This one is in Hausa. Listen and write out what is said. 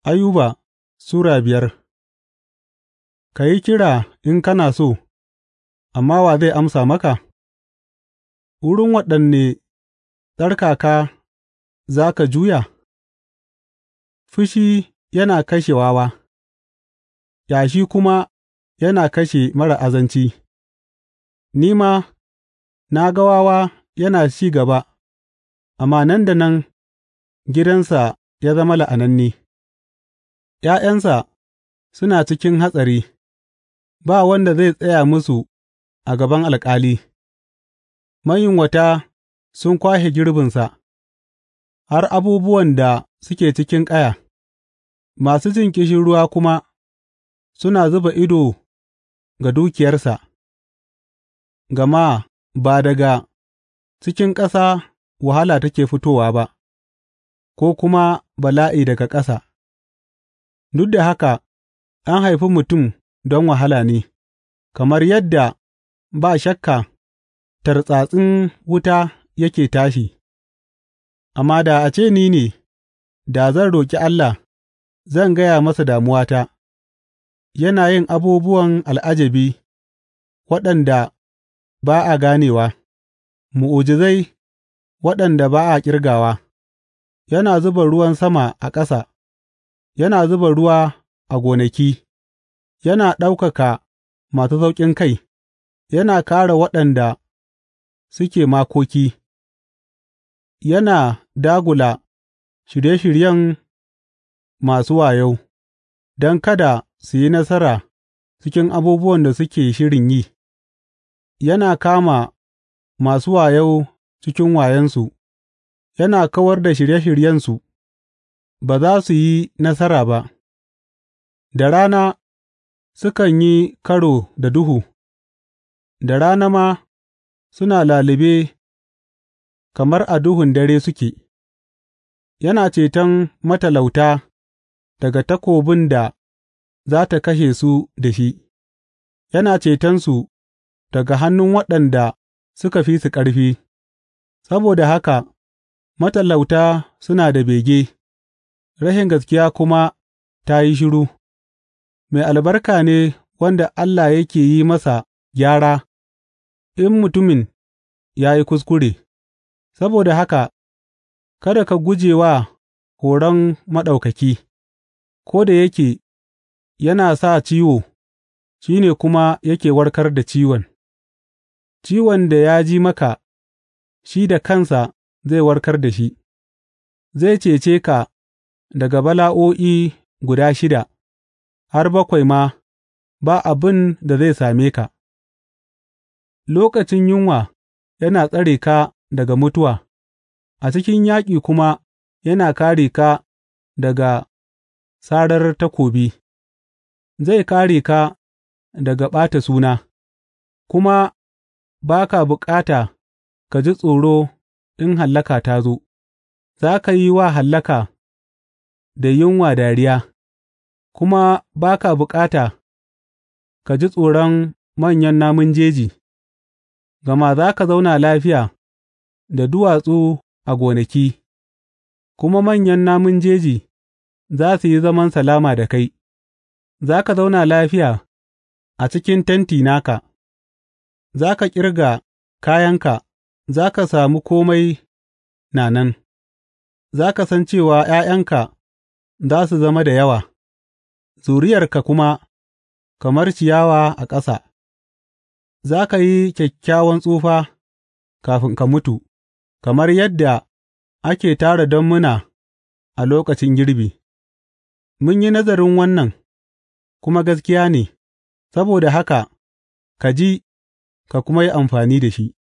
Ayuba Sura biyar Ka yi kira in kana so, amma wa zai amsa maka? Wurin waɗanne tsarkaka za ka juya? Fushi yana kashe wawa, yashi kuma yana kashe mara azanci; ni ma na ga wawa yana ci gaba, amma nan da nan gidansa ya zama la'ananne. ’Ya'yansa suna cikin hatsari; ba wanda zai tsaya musu a gaban alƙali, mayunwata sun kwashe girbinsa har abubuwan da suke cikin ƙaya, masu jin ruwa kuma suna zuba ido ga dukiyarsa, gama ba daga cikin ƙasa wahala take fitowa ba, ko kuma bala'i daga ƙasa. Duk da haka an haifi mutum don wahala ne, kamar yadda ba shakka tartsatsin wuta yake tashi, amma da a ce ni ne, da zan roƙi Allah, zan gaya masa damuwata; yana yin abubuwan al'ajabi waɗanda ba a ganewa, mu'ujizai waɗanda ba a ƙirgawa, yana zuba ruwan sama a ƙasa. yana zuba ruwa a gonaki, yana ɗaukaka masu sauƙin kai. yana kāre waɗanda suke makoki, yana dagula shirye shiryen masu wayo, don kada su yi nasara cikin abubuwan da suke shirin yi, yana kama masu wayo cikin wayonsu, yana kawar da shirye shiryensu. ba za su yi nasara ba, da rana sukan yi karo da duhu, da rana ma suna lalube kamar a duhun dare suke, yana ceton matalauta daga takobin da za ta kashe su da shi, yana cetonsu daga hannun waɗanda suka fi su ƙarfi, saboda haka matalauta suna da bege. rashin gaskiya kuma ta yi shiru, mai albarka ne wanda Allah yake yi masa gyara in mutumin ya yi kuskure, saboda haka kada ka guje wa horon Maɗaukaki, ko da yake yana sa ciwo, shi ne kuma yake warkar da ciwon, ciwon da ya ji maka, shi da kansa zai warkar da shi, zai cece ka daga bala'o'i guda shida har bakwai ma ba abin da zai same ka, lokacin yunwa yana tsare ka daga mutuwa, a cikin yaƙi kuma yana kāre ka daga sarar takobi, zai kāre ka daga ɓata suna, kuma ba ka bukata ka ji tsoro in hallaka ta zo, za ka yi wa hallaka da yunwa dariya, kuma ba ka bukata ka ji tsoron manyan namun jeji, gama za ka zauna lafiya da duwatsu a gonaki, kuma manyan namun jeji za su yi zaman salama da kai, za ka zauna lafiya a cikin tenti naka, za ka ƙirga kayanka, za ka sami komai na nan, za ka san cewa ’ya'yanka. za su zama da yawa, zuriyarka kuma kamar ciyawa a ƙasa, za ka yi kyakkyawan tsufa kafin ka mutu, kamar yadda ake tara don muna a lokacin girbi. Mun yi nazarin wannan, kuma gaskiya ne, saboda haka ka ji ka kuma yi amfani da shi.